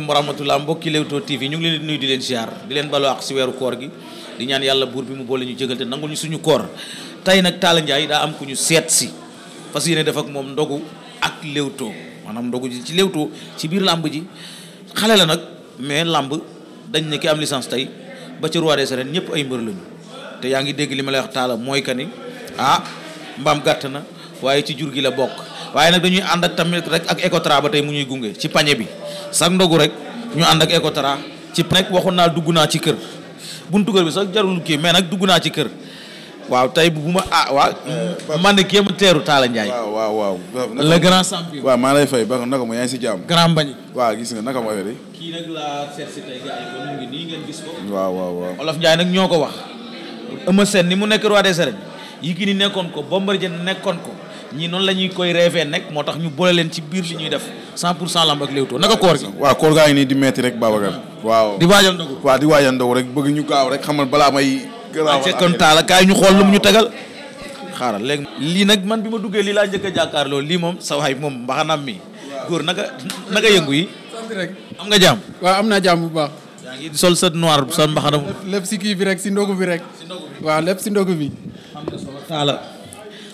aleykum wa rahmatullah mbokki Leewtoo TV ñu ngi leen di nuyu di leen ziar di leen baloo ak si weeru koor gi di ñaan yàlla buur bi mu boole ñu jégal te nangul ñu suñu koor tey nag Talla Ndiaye daa am ku ñu seet si fas yéene def ak moom ndogu ak Leewtoo maanaam ndogu ji ci Leewtoo ci biir làmb ji xale la nag mais làmb dañ ne ki am licence tey ba ci roi des arènes ñëpp ay mbër lañu te yaa ngi dégg li ma lay wax taala mooy que ni ah mbaam gàtt na waaye ci jur gi la bokk waaye nag dañuy ànd ak tamit ak Ecotra ba tey mu ñuy gunge ci pañe bi sax ndogu rek ñu ànd ak Ecotra ci nekk waxoon naa dugg naa ci kër buntu kër bi sax jarul kii mais nag dugg naa ci kër waaw tey bu ma ah waaw. man de kii ma teeru taala Ndiaye. waaw waaw waaw. le waaw maa lay fay ba naka ma yaa ngi gis nga naka ma affaire kii nag laa seet si olof Ndiaye nag ñoo ko wax. Eumeu Sène ni mu nekk roi des arènes Yékini nekkoon ko Bombardier nekkoon ko. ñii noonu la ñuy koy rêvé nekk moo tax ñu boole leen ci biir li ñuy def 100 pour cent lamb ak Leewtoo naka koor gi. waaw koor gaa ngi nii di metti rek Babacar. waaw di waajal ndogu. rek bëgg ñu gaaw rek xamal balaa may. gërëm kon taala ñu xool lu ñu tegal. xaaral léegi lii nag man bi ma duggee lii laa njëkk a jàkkaarloo lii moom sa waay moom mbaxanaam mi. góor naka yëngu yi. rek am nga jàmm. waaw am naa jàmm bu baax. yaa sol sa noir sol mbaxana. lépp si kii bi rek si ndogu bi rek. waa lépp si ndogu bi.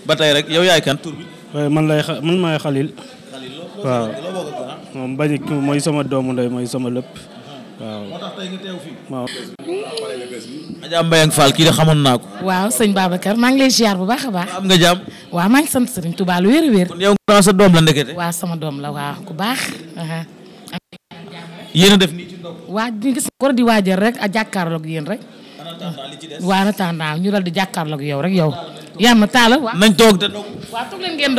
ba tey rek yow yaay kan tur bi. man lay Xalil. Ah? moom bañ mooy sama doom ndey mooy sama lépp. Uh-huh. waaw moo tax tey kii de xamoon naa ko. waaw sëñ maa ngi lay ziar bu baax a baax. am nga jàmm. waaw maa sama doom la waaw ku baax. Uh-huh. yéen a def waa ñu gis ko di waajal rek a jàkkaarloog yéen rek. en attendant li ci des. waaw en attendant ñu dal di jàkkaarloog yow rek yow. yaa ma taala nañ toog te dogg. waaw na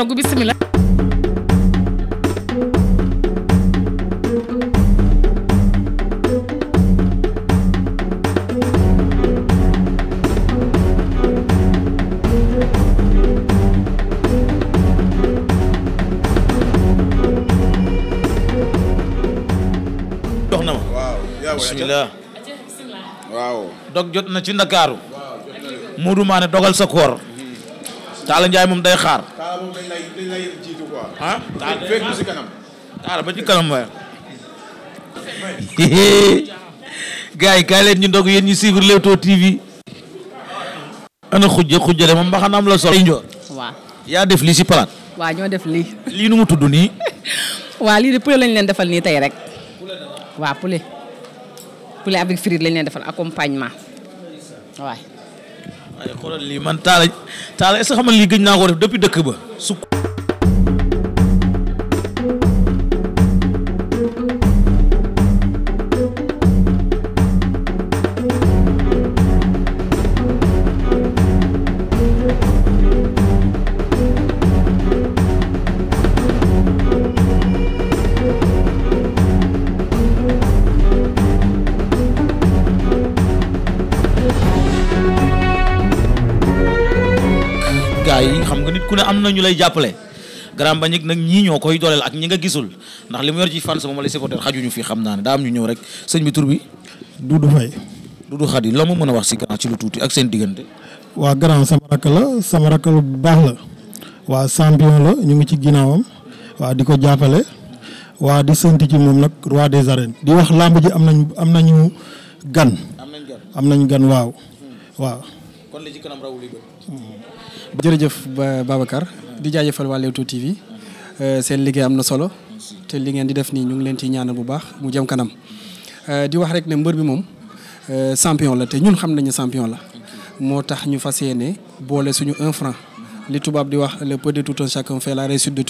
dog jot na ci Ndakaaru. waaw jot na dogal sa koor. Talla Ndiaye moom day xaar. Talla moom dañ lay dañ lay ah? yi kaay leen ñu ndog yéen ñu suivre Leewtoo TV. ana xujja xujja de moom mbaxanaam la sol. waaw yaa def lii ci palaat. waaw ñoo def lii. lii nu mu tudd nii. waa lii de poulet lañ leen defal nii tey rek. waa poulet. poulet avec frites lañ leen defal accompagnement waaye xoolal lii man taala taala est-ce que xam nga naa ko def dëkk ba su ne am na ñu lay jàppale Grand Mbagnick nag ñii ñoo koy dooleel ak ñi nga gisul ndax li mu yor ci fan sama ma lay supporter naa ne daa am ñu ñëw rek sëñ bi loo ma mën a wax si ci lu tuuti ak seen diggante waa grand sama rakk la sama rakk lu baax la waa champion la ñu ngi ci ginnaawam waa di ko jàppale waa di sant ci moom nag roi des arènes di wax làmb ji am nañ am nañu gan am nañ gan waaw hmm. waaw jërëjëf Babacar di jaajëfal waa Leewtoo TV euh, seen liggéey am na solo te li ngeen di def nii ñu ngi leen ciy ñaanal bu baax mu jëm kanam euh, di wax rek ne mbër bi moom euh, champion la te ñun xam nañu champion la moo tax ñu fas yéene boole suñu un li tubaab di wax le peu de la réussite de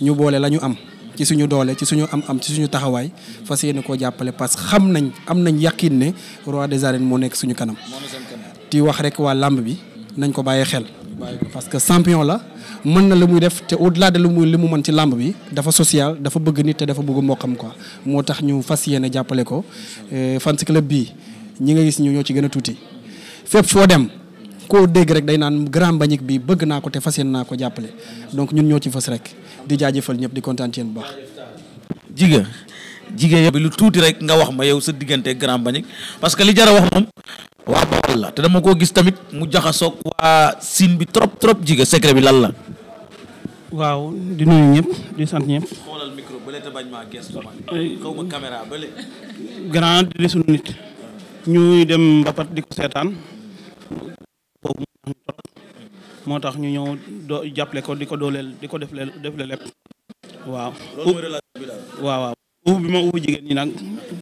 ñu boole la ñu am ci suñu doole ci suñu am am ci suñu taxawaay fas yéene koo jàppale parce que xam nañ am nañ yàqin ne roi des moo nekk suñu kanam di wax rek waa làmb bi nañ ko bàyyee xel bàyyi parce que champion la mën na lu muy def te au delà de lu muy li mu mën ci làmb bi dafa social dafa bëgg nit te dafa bëgg mboqam quoi moo tax ñu fas yéene jàppale ko euh, fans club bii ñi nga gis ñu ñoo ci gën a tuuti fépp foo dem koo dégg rek day naan grand Mbagnick bi bëgg naa ko te fas yéene naa ko jàppale donc ñun ñoo ci fas rek di jaajëfal ñëpp di kontaan ci yéen bu baax. jigéen jigéen bi lu tuuti rek nga wax ma yow sa diggante grand Mbagnick parce que li jara wax moom waa Bawol la te dama koo gis tamit mu jaxasoog waa Sine bi trop trop jige secret bi lan la. waaw di nuyu ñëpp di sant ñëpp. xoolal micro di sunu nit. ñuy dem mbapat di ko seetaan. moo tax ñu ñëw do jàppale ko di ko dooleel di ko defle defle lépp. waaw. loolu waaw waaw ubbi ma ubbi jigéen ñi nag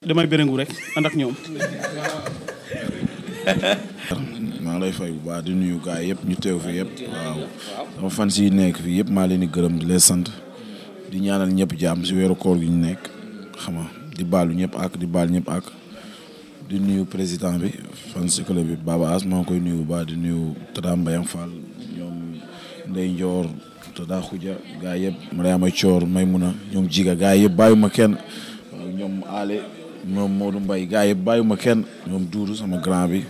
damay béréngu rek ànd ñoom. maa ngi lay fay bu di nuyu gars yëpp ñu teew fi yëpp waaw sama fan si nekk fii yëpp maa leen di gërëm di lee sant di ñaanal ñëpp jàmm si weeru koor gi ñu nekk xam nga di baalu ñëpp ak di baal ñépp ak di nuyu président bi fan si club bi Baba maa ngi koy nuyu bu di nuyu Tata Mbayang Fall ñoom Ndey Njoor Tata Xuja gars yëpp Mariama Coor Maymuna ñoom Jiga gars yëpp bàyyi ma kenn ñoom Ale ñoom Modou mbay gars yi bàyyiwuma kenn ñoom Doudou sama grand bi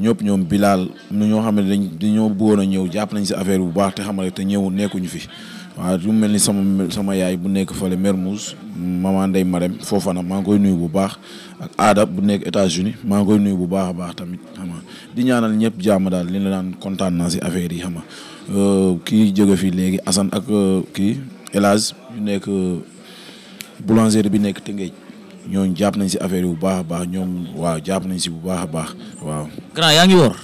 ñëpp ñoom Bilal nu ñoo xam ne dañ dañoo bëggoon a ñëw jàpp nañ si affaire bu baax te xam rek te ñëw nekkuñu fi waaw lu mel ni sama sama yaay bu nekk fële Mermoz maman Ndeye Marème Fofana maa ngi koy nuyu bu baax ak aada bu nekk États-Unis maa ngi bu baax a baax tamit di ñaanal ñëpp jàmm daal li la daan kontaan naa si affaire yi xam nga euh, kii jóge fii léegi Assane ak euh, kii El Hadj nekk euh, boulangerie bi nekk Tëngéej ñooñu jàpp nañ si affaire yi bu baax a baax ñoom waaw jàpp nañ si bu baax baax waaw. grand yaa ngi woor.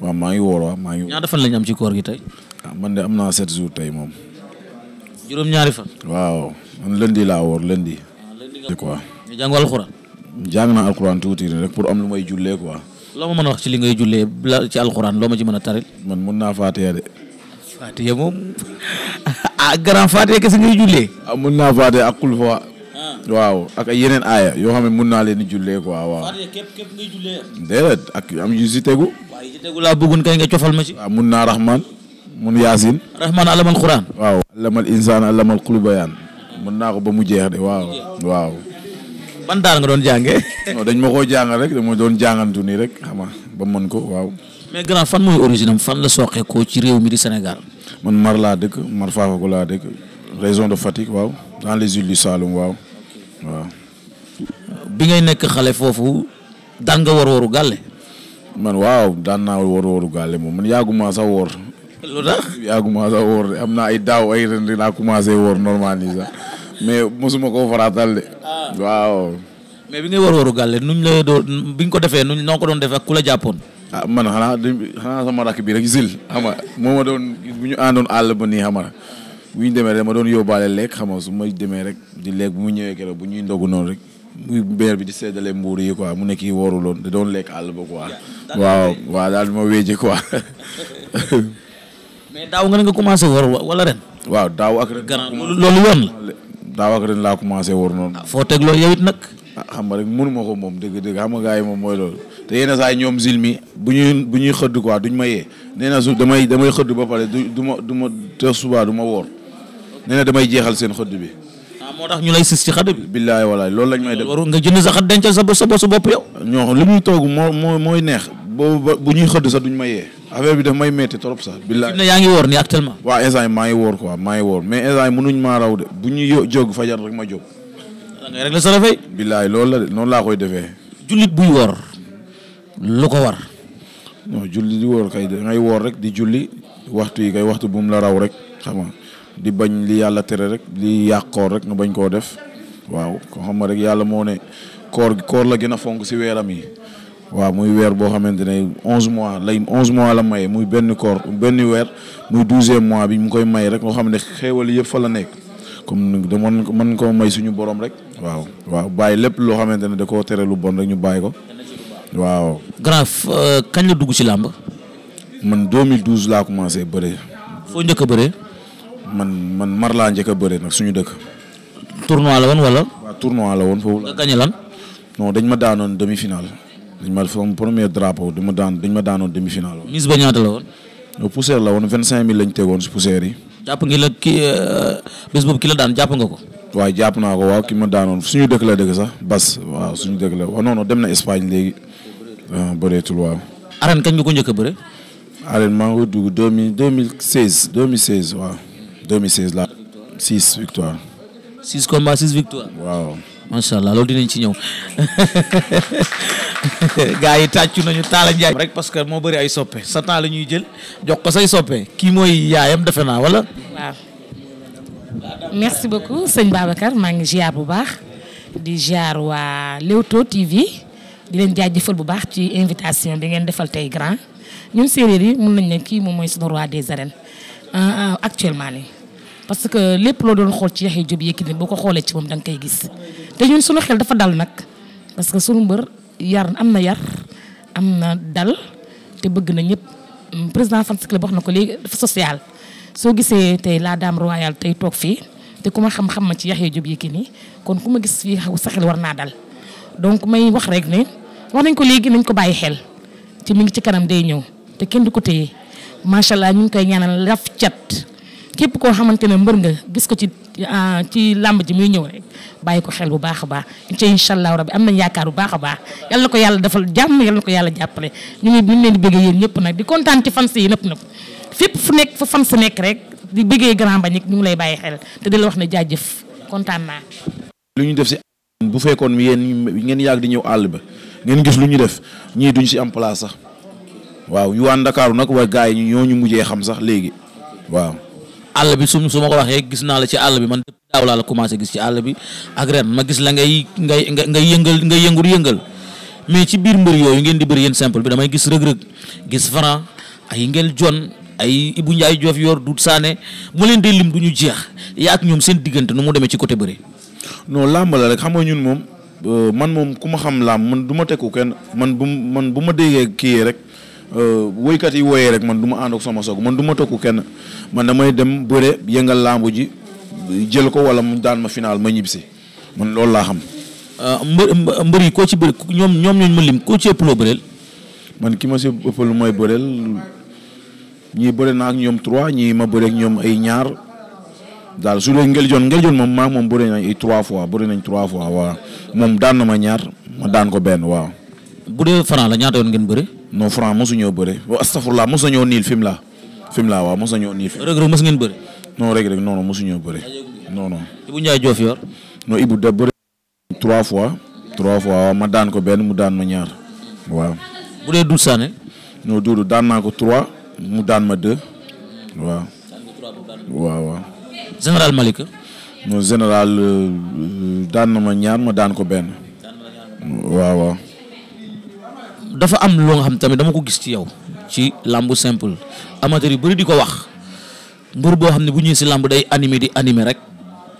waaw maa ngi woor waaw maa ngi. ñaata fan lañ am ci koor gi tey. Ah, man de am naa sept jours tey moom. juróom-ñaari fan. waaw man lundi laa woor lundi. Ah, lundi nga quoi. ñu jàngu alxuraan. jàng na alxuraan tuuti rek pour am lu may jullee quoi. loo man a wax ci li ngay jullee la ci alxuraan loo ma ci mën a taril. man mën naa faatiya de. faatiya moom ah grand faatiya ngay jullee. ah mën naa faatiya ak kul fa waaw ak ay yeneen aaya yoo xam ne mun naa leen di jullee quoi waaw. képp képp ngay jullee. déedéet ak am yu si tegu. waaw yu si tegu laa bëggoon kay nga cofal ma ci. waaw mun naa rahman mun yaasin. rahman alamal quran. waaw alamal insaan alamal qulubayaan. mun naa ko ba mu jeex de waaw. waaw. ban daara nga doon jàngee. dañ ma koo jàngal rek dama doon jàngantu nii rek xam nga ba mën ko waaw. mais grand fan mooy origine fan la soqeekoo ci réew mi di Sénégal. man Mar laa dëkk Mar Fafaco laa dëkk région de Fatick waaw dans les îles du waaw. bi ngay nekk xale foofu daan nga war waru gàlle. man waaw daan naa war waru gàlle moom man yàgguma sax woor. lu tax yàgguma sax woor de am na ay daaw ay ren dinaa commencé woor normal nii sax mais mosuma koo faraatal de. Ah. waaw. mais bi ngay war waru gàlle nuñ la doon bi ko defee nuñ noo ko doon defee ak ku la jàppoon. ah man xanaa xanaa sama rakk bi rek zil xam nga moo ma doon bu ñu àndoon àll ba nii xam bu ñu demee rek ma doon yóbbaale lekk xam nga su ma demee rek di lekk bu mu ñëwee keroog bu ñuy ndogu noonu rek mu beer bi di seddalee mbuur yi quoi mu nekk yi wooru loon da doon lekk àll ba waaw waaw daal ma wéeje quoi. mais daaw nga ne nga commencé wor wala ren. waaw daaw ak ren. loolu yoon la. daaw ak ren laa commencé wor noonu. Ah, foo teg loolu yow it nag. Ah, xam nga rek mënu ko moom dëgg dëgg xam nga gars yi moom mooy loolu te yenn saa yi ñoom zilmi bu ñuy bu ñuy xëdd quoi duñ ma yee nee na su damay damay xëdd ba pare du du ma du ma te subaa du ma woor. nee na damay jeexal seen xëdd bi. ah moo tax ñu lay sis ci xëdd bi. billaay walaay loolu lañ may def waru nga jënd sa xëdd dencal sa sa bopp sa bopp yow. ñoo li muy toog moo moo mooy neex. boobu bu ñuy xëdd sax duñ maye yee. bi daf may métti trop sax. billaay ne yaa ngi woor nii actuellement. waaw instant maa ngi woor quoi maa ngi woor mais instant mënuñ maa raw de bu ñuy jóg fajar rek ma jóg. da ngay régler sa billaay loolu la de noonu laa koy defee. jullit buy woor lu ko war. non julli di woor kay da ngay woor rek di julli waxtu yi kay waxtu bu la raw rek xam di bañ li yàlla tere rek li yàq koor rek nga bañ koo def waaw ko xam nga rek yàlla moo ne koor koor la gën a fonk si weeram yi waaw muy weer boo xamante ne onze mois lay onze mois la maye muy benn koor benn weer muy douzième mois bi mu koy may rek nga xam ne xéewal yëpp fa la nekk comme da mën mën koo may suñu borom rek waaw waaw bàyyi lépp loo xamante ne da koo tere lu bon rek ñu bàyyi ko waaw Graff euh, kañ la dugg si làmb man 2012 laa commencé bëre foo njëkk a bëre man man mar laa njëkk a bëre nag suñu dëkk. tournoi la woon wala. waaw tournoi la woon foofu la. nga lan. non dañ ma daanoon demi final. dañ ma sama premier drapeau dañ ma daan dañ ma daanoon demi final. mise ba ñaata la woon. poussière la woon vingt cinq mille lañ tegoon si poussière yi. jàpp ngi euh, la daan jàpp nga ko. waaw jàpp naa ko waaw ki ma daanoon suñu dëkk la dëgg sax Bas waaw suñu dëkk la waaw non non dem na Espagne léegi. Euh, bëreetul waaw. arène kañ nga ko njëkk a bëre. arène maa ngi ko dugg deux mille deux mille seize deux mille seize waaw. 2016 la 6 victoire. 6 combats 6 victoire. waaw. macha allah loolu dinañ ci ñëw gars yi tàccu nañu Talla Ndiaye. rek parce que moo bëri ay soppe sa temps la ñuy jël jox ko say soppe kii mooy yaayam defe naa wala. waaw. merci beaucoup sëñ Babacar maa ngi ziar bu baax di ziar waa Leewtoo TV di leen jëfal bu baax ci invitation bi ngeen defal tey grand ñun séeréer yi mun nañ ne kii moom mooy sunu roi des arènes euh, euh, actuellement nii. parce que lépp loo doon xool ci Yaxya Jóob Yékini boo ko xoolee ci moom da nga koy gis te ñun suñu xel dafa dal nag parce que suñu mbër yar am na yar am na dal te bëgg na ñëpp mm, président Fans wax na ko léegi social soo gisee tey la Dame Royal tey toog fii te ku ma xam-xam ma ci Yaxya Jóob nii kon ku ma gis fii xaw sa xel war naa dal donc may wax rek ne wax nañ ko léegi nañ ko bàyyi xel te mi ngi ci kanam day ñëw te kenn du ko téye macha allah ñu ngi koy ñaanal raf cat képp koo xamante ne mbër nga gis ko ci ah, ci làmb ji muy ñëw rek bàyyi ko xel bu baax a baax ci incha allahu rabbi am nañ yaakaar bu baax a baax yal na ko yàlla defal jàmm yal na ko yàlla jàppale ñu ngi ñu leen di bëggee yéen ñëpp nag di kontaan ci fans yi nëpp nëpp fépp fu nekk fu fans nekk rek di bëggee Grand Mbagnick ñu ngi lay bàyyi xel te di la wax ne jaajëf kontaan naa. lu ñu def si bu fekkoon yéen ngeen yàgg di ñëw àll ba ngeen gis lu ñu def ñii duñ si am place sax waaw yu waa Ndakaaru nag waa gars yi ñoo ñu mujjee xam sax léegi waaw àll bi su su ma ko waxee gis naa la ci àll bi man depuis daaw laa la commencé gis ci àll bi ak ren ma gis la ngay ngay ngay yëngal ngay yëngur yëngal mais ci biir mbër yooyu ngeen di bëri yéen simple bi damay gis rëg-rëg gis Franc ay ngel jon ay Ibou Ndiaye Diouf yor Doudou Sané mu leen dee lim du ñu jeex yaa ak ñoom seen diggante nu mu demee ci côté bëri. non làmb la rek xam nga ñun moom euh, man moom ku ma xam làmb man du ma tekku kenn man bu ma déggee kii rek. Euh, woykat yi wooyee rek man duma ànd ak sama soog man duma ma kenn man damay dem bëre yëngal làmbu ji jël ko wala mu daan ma final ma ñibbisi man loolu laa xam. Euh, mbë mbër yi koo ci bëri ñoom ñoom ñooñu ma lim koo ci ëpp loo bëreel. man ki ma si ëpp lu may bëreel ñii bëre naa ak ñoom trois ñii ma bëre ak ñoom ay ñaar daal su dee ngel joon ngel joon moom maa moom bëre nañ ay trois fois bëre nañ trois fois waa moom daan na ma ñaar ma daan ko benn waaw. bu dee franc la ñaata yoon ngeen bëri. non franc mosu ñoo bëri wa astafurlah mos niil fi mu laa fi mu laa waaw mos nañoo niil. Reug Reug mos ngeen bëri. non Reug Reug non non mosu ñoo bëri. non non. Ibou trois fois. trois fois waaw ma daan ko benn mu daan ma ñaar waaw. bu dee Doudou Sané. non Doudou daan naa ko trois mu daan ma deux waaw. général Malick. non général euh, euh, daan na ma ñaar ma daan ko benn. waaw. dafa am loo nga xam tamit dama ko gis ci yow ci làmb simple amateur yu bëri di ko wax mbër boo xam ne bu ñëwee si làmb day animé di animé rek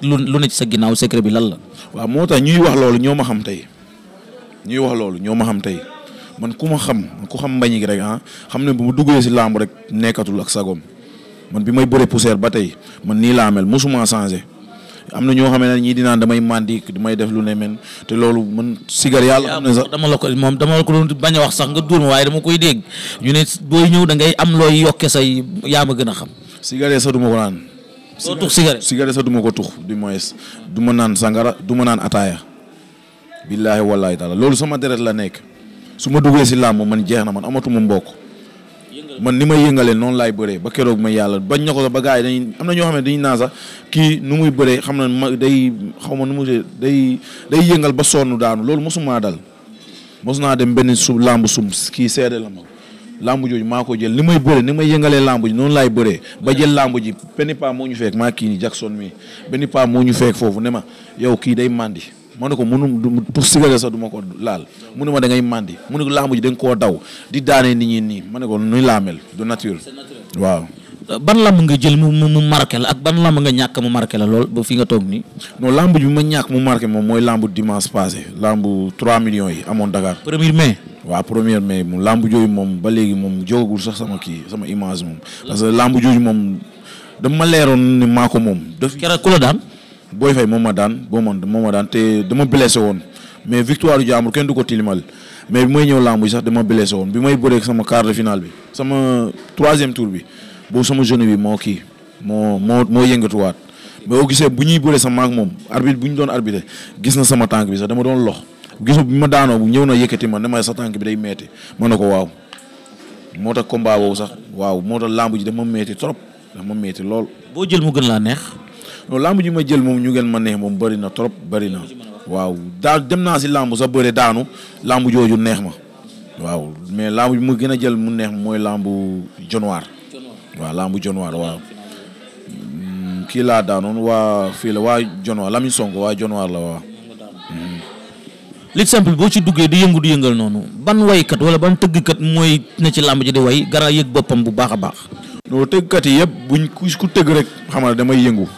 lu lu ne ci sa ginnaaw bi lan la. waaw moo tax ñuy wax loolu ñoo ma xam tey ñuy wax loolu ñoo ma xam tey man ku ma xam ku xam mbañ gi rek ah xam ne bu mu duggee si làmb rek nekkatul ak sagom man bi may bëre poussière ba tey man nii laa mel mosuma changé. am na ñoo xam ne ñii dinaan damay màndi damay def lu ne men te loolu man sigar yàlla am dama la ko moom dama la ko doon bañ a wax sax nga dóor ma waaye dama koy dégg ñu ne boo ñëw da ngay am looy yokke say yaa ma gën a xam cigare sax duma ko naan soo tux cigare cigare duma ko tux du moins du ma naan sangara du ma naan ataaya billaahi wallaahi taala loolu sama deret la nekk su ma duggee si làmb man jeex na man amatuma mbokk man ni may yëngalee noonu laay bëree ba keroog ma yàlla bañ na ko sax ba gars yi dañuy am na ñoo xam ne dañuy naan sax kii nu muy bëree xam na ma day xaw ma nu mu day day yëngal ba sonn daanu loolu mosumaa dal mos naa dem benn su lamb sum kii seede la mag lamb jooju maa ko jël ni may bëree ni may yëngalee lamb ji noonu laay bëree ba jël lamb ji benn paa moo ñu fekk maa kii nii Jackson mii benn paa moo ñu fekk foofu ne ma yow kii day màndi ma ne ko mënu du sigara sax du ma ko laal mu ne ma da ngay màndi mu ne ko laamu ji da koo daw di daane nit ñi nii ma ne ko nuy laamel du waaw ban lamb nga jël mu mu marqué ak ban lamb nga ñàkk mu marqué la lool ba fi toog nii non lamb ji bi ma ñàkk mu marqué moom mooy lamb dimanche passé lamb trois millions yi amoon Dakar premier mai waaw premier mai mu lamb jooju moom ba léegi moom jógagul sax sama kii sama image moom parce que lamb jooju moom dama ma leeroon ni maa ko moom daf keroog ku la daan booy Faye moom ma daan boo man moom ma daan te dama blessé woon mais victoire du jaamur kenn du ko tilimal mais bi may ñëw làmb yi sax dama blessé woon bi may bëreeg sama quart de finale bi sama troisième tour bi boobu sama genou bi moo kii moo moo moo yëngatuwaat boo gisee bu ñuy bëree sa maak moom arbitre bu ñu doon arbitre gis na sama tànk bi sax dama doon lox gisu bi ma daanoo bu ñëw na yëkkati ma ne ma sa tànk bi day metti ma na ko waaw moo tax combat sax waaw moo tax làmb ji dama metti trop dama metti lool. boo jël mu gën laa neex. non làmb ji ma jël moom ñu ngeen ma neex moom bëri na trop bëri na waaw daa dem naa si làmb sa bëre daanu làmb jooju neex ma waaw mais làmb bi ma gën a jël mu neex mooy làmb januar waaw làmb januar waaw hmm, kii laa daanoon waa fii la waa januar Lamine Sonko waa januar la waaw hmm. lit boo ci duggee di yëngu di yëngal noonu ban waykat wala ban tëggkat mooy na ci làmb ji di way gara yëg boppam bu baax a baax non tëggkat yi yëpp buñ ku tëgg rek xam damay yëngu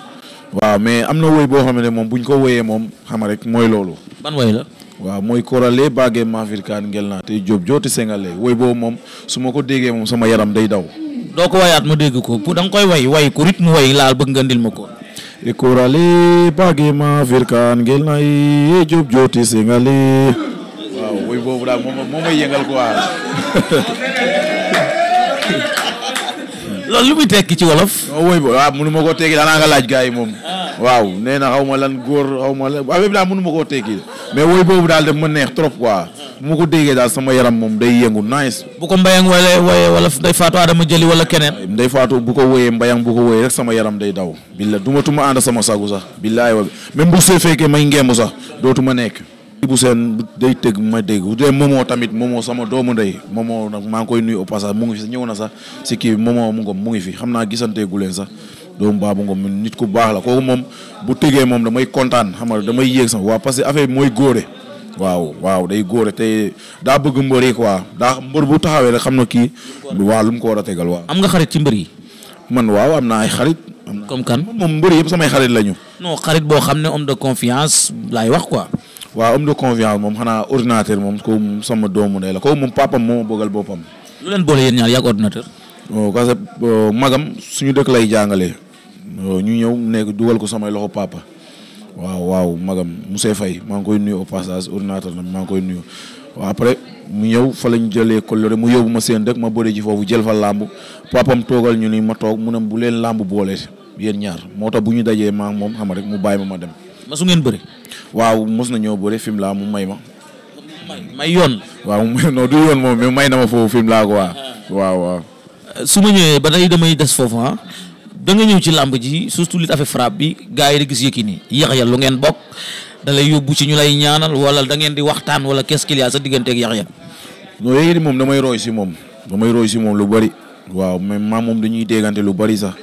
waaw mais am na woy boo xam ne moom bu ñu ko woyee moom xam rek mooy loolu. ban woy la. waaw mooy korale baage maafir kaan ngel naa te Diop jooti sengale woy boobu moom su ma ko moom sama yaram day daw. doo ko wayaat ma dégg ko pour da nga koy way way ko rythme bëgg nga ndil ma ko. e korale baage maafir kaan ngel naa yee daal moom moom yëngal ko waal. loolu lu muy tekki ci wolof. non oh, wooy waaw ah, mënu ma koo tekki daanaa nga laaj gars yi moom. waaw nee na xaw ma lan góor xaw ma lan waaye daal mënu ma koo tekki mais woy boobu daal daf ma neex trop quoi. bu ma ko déggee daal sama yaram moom day yëngu nice. bu ko mbayang wala wooyee wala day faatu Adama jëli wala keneen. nday faatu bu ko wooyee mbayang bu ko woyee rek sama yaram day daw. billa du ma tuma ànd sama sagu sax. billaay wala même bu see fekkee may ngemb sax dootuma nekk. bu seen day tëgg ma dégg bu dee moomoo tamit moomoo sama doomu ndey moomoo nag maa ngi koy nuyu au passage mu ngi fi ñëw na sax si kii bi moomoo mu ngoom mu ngi fi xam naa gu leen sax doomu baabu ngoom nit ku baax la kooku moom bu tëggee moom damay kontaan xam nga damay yéeg sama parce que affaire mooy góore waaw waaw day góore te daa bëgg mbër yi quoi daa mbër bu taxawee rek xam na kii waaw lu ko war a tegal am nga xarit ci mbër yi. man waaw am naa ay xarit. comme kan moom mbër yëpp samay xarit lañu. non xarit boo xam ne homme de confiance laay wax quoi. waaw homme de confiance moom xanaa ordinateur moom ko moom sama doomu ndey la ko moom papam moo bëggal boppam. lu leen boole yéen ñaar yàgg ordinateur. Oh, parce que oh, magam suñu dëkk lay jàngale oh, ñu ñëw nekk dugal ko samay loxo papa. waaw waaw magam Moussa Faye maa ngi koy nuyu au passage ordinateur la maa ngi koy nuyu. waa après mu ñëw fa lañ jëlee coloré mu yóbbu ma seen dëkk ma bëre ji foofu jël fa làmb papam toogal ñu ni ma toog mun ne bu leen làmb boole yéen ñaar moo tax bu ñu dajee maa moom xam rek mu bàyyi ma ma dem. ma ngeen bëri. waaw mos na ñoo bëre film laa mu may ma. may may yoon. waaw mu non du yoon moom may na ma foofu film laa ko waa ah. waaw waaw. su ma ñëwee ba tey damay des foofu ah da nga ñëw ci làmb ji surtout li affaire frappe bi gars yi da gis Yékini Yaxya lu ngeen bokk da lay yóbbu ci ñu lay ñaanal wala da ngeen di waxtaan wala qu'est-ce qu'il y a sa digganteeg Yaxya. non Yékini moom damay si moom damay roy si moom lu bari. waaw même maa moom dañuy déggante lu bari sax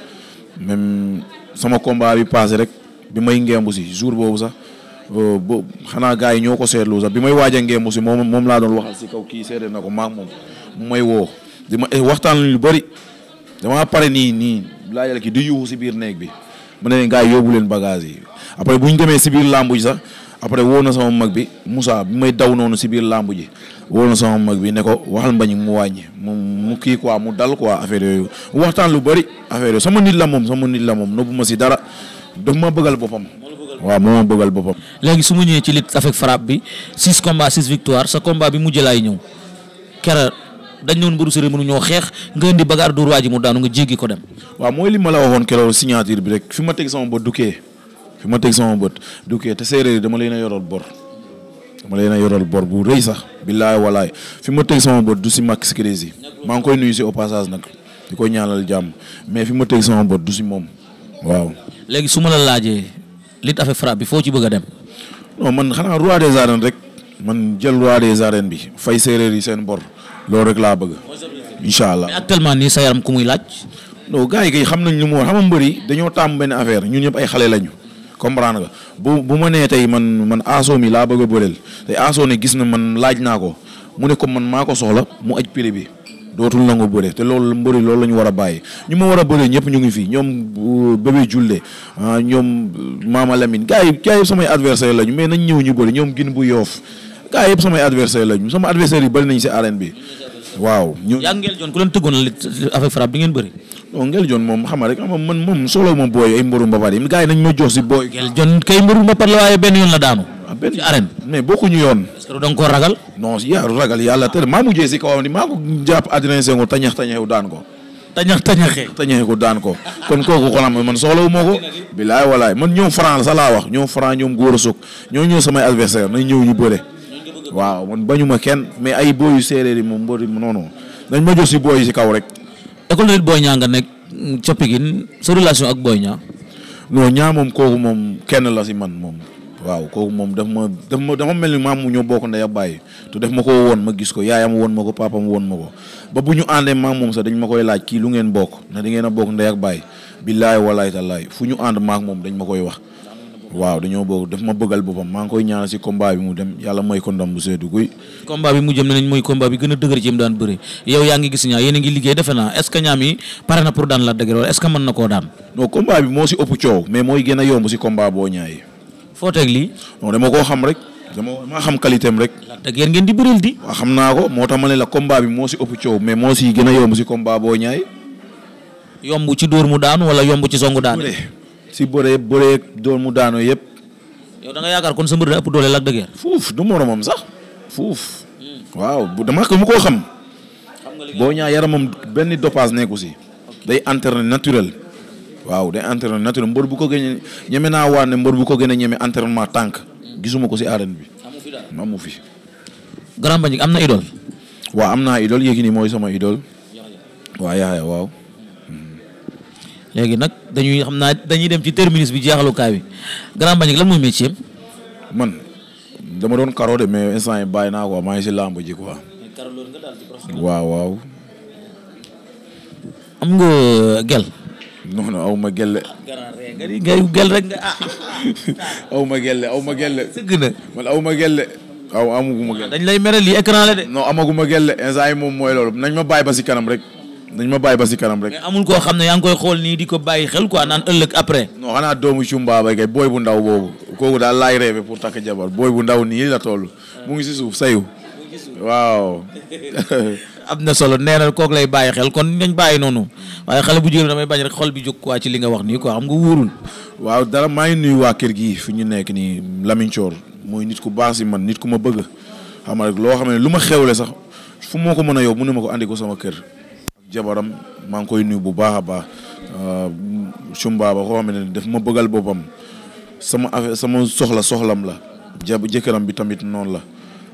même sama combat bi passé rek bi may ngemb si jour boobu sax. Oh, bu xanaa gaa yi ñoo ko seetlu sax bi may waaj a ngeemu si moom moom laa doon waxal si kaw kii seede na ko maak moom mu may woo di ma eh, waxtaan lu bari damaa pare nii nii laajal ki di yuuxu si biir néeg bi mu ne leen gars yi yóbbu leen yi après bu ñu si biir làmb ji sax après woo na sama mag bi Moussa bi may daw noonu si biir làmb ji woo na sama mag bi ne ko waxal mbañ mu wàññi mu mu kii quoi mu dal quoi affaire yooyu waxtaan lu bëri affaire yooyu sama nit la moom sama nit la moom nëbbu ma si dara daf ma bëggal boppam. waaw moo ma bëggal boppam. léegi su ma ñëwee ci lutte avec frappe bi six combats six victoire sa combat bi mujj laay ñëw kera dañ ñëwoon mbiru séeréer mënu ñoo xeex nga indi bagaar dóor waa ji mu daanu nga jéggi ko dem. waaw mooy li ma la waxoon keroog signature bi rek fi ma teg sama bët dukkee fi ma teg sama bët te séeréer yi dama leen a yoral bor dama leen a yoral bor bu rëy sax billaay walaay fi ma teg sama du si Max yi maa ngi koy nuyu si au passage nag di ko ñaanal jàmm mais fi ma teg sama bët du si moom waaw. léegi su ma la laajee lutte avec frappe bi foo ci bëgg dem. non man xanaa roi des arènes rek man jël roi des arènes bi fay séeréer yi seen bor loolu rek laa bëgg. incha allah mais actuellement nii sa yaram ku muy laaj. non gars yi kay xam nañ lu mu wax xam nga yi dañoo tàmm benn affaire ñun ñëpp ay xale lañu. comprendre nga bu bu ma nee tey man man aso mi laa bëgg a bëreel tey aso ne gis na man laaj naa ko mu ne comme man maa ko soxla mu aj pili bi. dootul nangu bëre te loolu mbëri loolu la ñu war a bàyyi ñu ma war a bëre ñëpp ñu ngi fii ñoom euh, bébé julle ah, ñoom euh, maama Lamine gars yi gars yi samay adversaire lañu mais nañ ñëw ñu bëri ñoom gin bu yoof gars yëpp samay adversaire lañu sama adversaire yi bëri nañ si arène bi waaw. ñu yaa ngeel joon ku leen tëggoon avec frappe bi ngeen bëri. non ngeel joon moom xam rek ama man moom soxla ma booy ay mbëru mbapat yi gars yi nañ ma jox si booy. ngeel joon kay mbëru mbapat la waaye benn yoon la daanu. benn arène mais bokkuñu yoon. est-ce que da nga ragal. non yaa ragal yàlla te maa mujjee si kawam ni maa ko jàpp Adrien Senghor tañax tañaxu daan ko. tañax tañaxee. tañaxee ko daan ko kon kooku xanaa man soxlawu moo ko. bilaay walaay man ñoom franc la sax laa wax ñoom franc ñoom góor a soog ñoo ñëw samay adversaire nañ ñëw ñu bëre. waaw man bañu ma kenn mais ay booyu séeréer yi moom mbëri non non ma jox si booy si kaw rek. école de Boy Niang nga nekk mm, ca Pikine sa relation ak Boy Niang. non ñaa moom kooku moom kenn la si waaw kooku moom daf ma daf ma dafa mel ni maam mu ñoo bokk ndey ak bàyyi te daf ma ko woon ma gis ko yaayam woon ma ko papam woon ma ko ba bu ñu àndee maam moom sax dañ ma koy laaj kii lu ngeen bokk na da ngeen a bokk ndey ak bàyyi billaay walaay talaay fu ñu ànd maak moom dañ ma koy wax waaw dañoo bokk daf ma bëggal boppam maa ngi koy ñaanal si combat bi mu dem yàlla may ko ndam bu seedu jëm ne nañ mooy combat bi gën a dëgër jëm daan bëri yow yaa ngi gis ñaa yéen a ngi liggéey defe naa est ce que ñaam yi pare na pour daan la dëgër wala foo teg lii. dama koo xam rek. dama maa xam qualité am rek. ak yéen ngeen di bëril di. waaw xam naa ko moo tax ma ne la combat bi moo si ëpp coow mais moo si gën a yomb si combat boo ñaay. yomb ci dóor mu daanu wala yomb ci songu daanu. si bëree bëree dóor mu daanu yëpp. da nga kon sa mbër da ëpp doole Lac de Guiers. fuuf du moromam sax. fuuf. Hmm. waaw bu dama ko mu koo xam. boo ñaa yaramam benn dopage nekku si. day entraîné naturel. waaw day entraîné naturel mbër bu ko gën a ñeme naa waa ne mbor bu ko gën a ñeme entraînement tànk gisuma ko si arène bi. amu fi Grand Mbagnick am na idol waaw am naa idol Yékini mooy sama idol waaw Yaxya waaw. Hmm. léegi nag dañuy xam naa dañuy dem ci terminus bi jeexalukaay bi Grand Mbagnick lan mooy métier man dama doon karo de mais instant yi bàyyi naa quoi maa ngi si làmb ji quoi. waaw waaw. am nga gel non non aw ma gelle. ngay gel rek nga ah. aw ma gelle aw ma gelle. sëgg na aw ma gelle. aw amagu ma gelle dañ lay mere lii écran la de. non amagu ma gelle instant yi moom mooy loolu nañ ma bàyyi ba si kanam rek. nañ ma bàyyi ba si kanam rek. amul koo xam ne yaa ngi koy xool nii di ko bàyyi xel quoi naan ëllëg après. non xanaa doomu Cumba bay kay booy bu ndaw boobu kooku daal laay rêvé pour takk jabar booy bu ndaw nii la toll. mu ngi si suuf sayu. waaw. am na solo nee kook lay bàyyi xel kon nañ bàyyi noonu waaye xale bu jigéen damay bañ rek xol bi jóg waa ci li nga wax nii quoi xam nga wóorul. waaw dala maa ngi nuyu waa kër gi fi ñu nekk nii Lamine Thior mooy nit ku baax si man nit ku ma bëgg xam loo xam ne lu ma xewle sax fu moo ko mën a yow mu ne ma ko andi ko sama kër. ak jabaram maa ngi koy nuyu bu baax a baax Sumba euh, ba koo xam ne daf ma bëggal boppam sama affaire sama soxla soxlam la. jab jëkkëram bi tamit noonu la.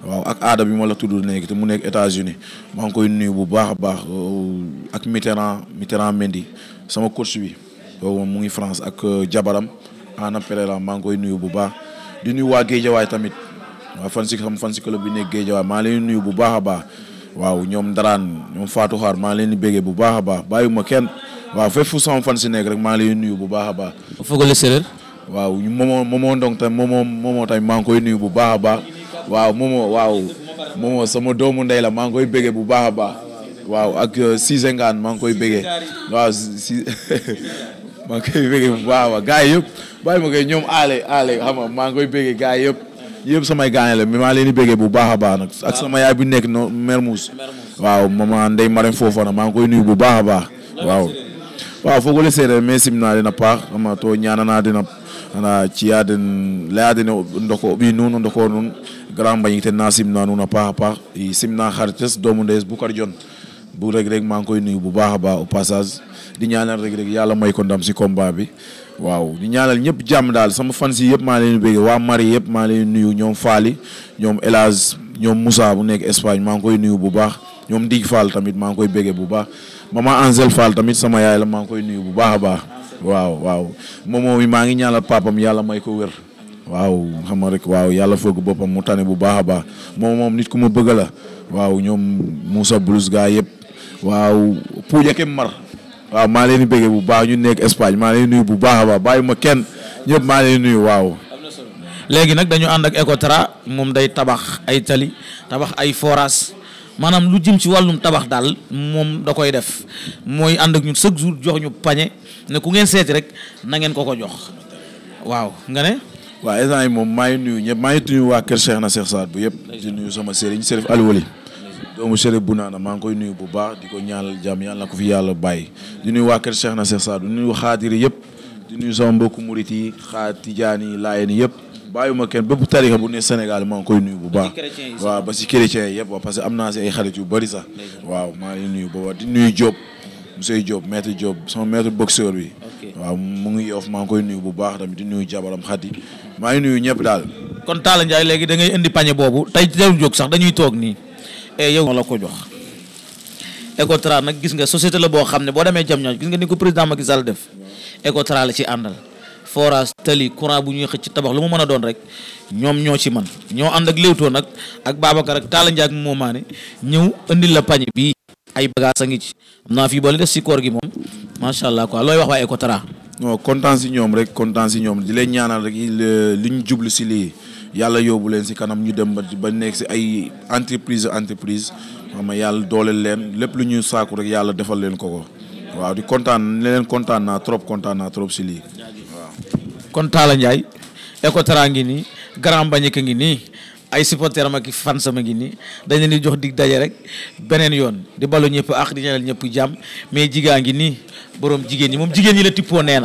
waaw ak aada bi ma la tudd léegi te mu nekk États-Unis maa ngi koy nuyu bu baax a baax euh, ak Mitterrand Mitterrand Mendy sama coach bi mu ngi France ak euh, jabaram Anna Pereira maa ngi koy nuyu bu baax di nuyu waa Géejawaay tamit waa fan si xam fan si club bi nekk Géejawaay maa leen nuyu bu baax baax waaw ñoom daraan ñoom Fatou Xaar maa leen di béggee bu baax a baax bàyyiwuma kenn waaw fépp fu sama fan si nekk rek maa leen nuyu bu baax a baax. foogale séeréer. waaw moomoo tamit maa ngi koy nuyu bu baax baax. waaw moomoo waaw moomoo sama doomu ndey la maa ngi koy béggee bu baax a baax waaw ak euh, Cissé Ngane maa ngi koy béggee waaw si maa ngi koy béggee bu baax a baax gars yi yëpp ñoom aale aale xam nga maa ngi koy béggee gars yëpp yëpp samay gaañ la maa leen di bu baax a baax nag ak sama yaay bi nekk no Mermoz waaw mama Ndeye Marème Fofana maa ngi koy nuyu bu baax a baax waaw waaw fogole seereer mais simna den a paax ama to ñaanana den a ana ciya den leya den ndoko ɓiy grand mbañik na simna nuun a paax a paax i simna xarites doomu ndees Boucar Dione bu Reug Reug maa ngi koy nuyu bu baax a baax au passage di ñaanal Reug Reug yàlla may ko ndam si combat bi waaw di ñaanal ñëpp jàmm daal sama fans yi yëpp maa leen waa mari yëpp maa leen nuyu ñoom Faly ñoom El Hadj ñoom Moussa bu nekk Espagne maa ngi koy nuyu bu baax ñoom Ndig Fall tamit maa ngi koy bëgg bu baax maman Angèle Fall tamit sama yaay la maa ngi koy nuyu bu baax a baax waaw moom moom maa ngi ñaanal papam yàlla may ko wér waaw xam nga rek waaw yàlla fëgg boppam mu tane bu baax a baax moom moom nit ku ma bëgg la waaw ñoom Moussa Blues gaa yëpp waaw puujake mar waaw maa leen di bëggee bu baax ñu nekk Espagne maa leen nuyu bu baax a baax bàyyi ma kenn ñëpp maa leen nuyu waaw léegi nag dañu ànd ak Ecotra moom day tabax ay tali tabax ay forage maanaam lu jëm si wàllum tabax daal moom da koy def mooy ànd ak ñun chaque jour jox ñu pañe ne ku ngeen seeti rek na ngeen ko ko jox waaw instant yi moom maa ngi nuyu ñëpp maa ngi nuyu waa kër Cheikh na Cheikh Saad bu yëpp di nuyu sama sëriñ Serif Alwali doomu Chérif bu naana maa ngi koy nuyu bu baax di ko ñaanal jaam yàlla ko fi yàlla bàyyi di nuyu waa kër Cheikh na Cheikh Saad bu di nuyu xaadiri yëpp di nuyu sama mbokku murit yi xaa tijaan yi laayeen yëpp bàyyuma kenn bépp tarixa bu ne Sénégal maa ngi koy nuyu bu baax waaw ba si chrétien yi yëpp waaw parce am naa si ay xarit yu bëri sax waaw maa ngi nuyu booba di nuyu Diop monsieur Diop maître Diop sama maître boxeur bi. waaw mu ngi yoof koy nuyu bu baax tamit di nuyu jabaram xaddi maa ngi nuyu ñëpp daal. kon Talla léegi da ngay indi pañe boobu tey jaww jóg sax dañuy toog nii et eh, yow la ko jox. Ecotra nag gis nga société la boo xam ne boo demee jam ñoo gis nga ni ko président Macky Sall def Ecotra la ci àndal forage tali courant bu ñuy xëcc tabax lu mu mën a doon rek ñoom ñoo ci man ñoo ànd ak Leewtoo nag ak Babacar ak Talla Ndiaye ak Momane ñëw indil la pañe bii ay bagages a ngi ci am naa fii boole def si koor gi moom macha allah quoi looy wax waa Ecotra. non kontaan si ñoom rek kontaan si ñoom di leen ñaanal rek li ñu jublu si lii yàlla yóbbu leen si kanam ñu dem ba nekk si ay entreprise entreprise xam yàlla dooleel leen lépp lu ñuy saaku rek yàlla defal leen ko ko waaw di kontaan leen kontaan naa trop kontaan naa trop si lii waaw. kon Talla Ndiaye ngi nii Grand Mbagnick ngi nii. ay supporter am ak fan sama ngi nii dañ leen di jox dig daje rek beneen yoon di balu ñëpp ak di ñaanal ñëpp jàmm mais jigaa ngi nii borom jigéen ñi moom jigéen ñi la tippoo nee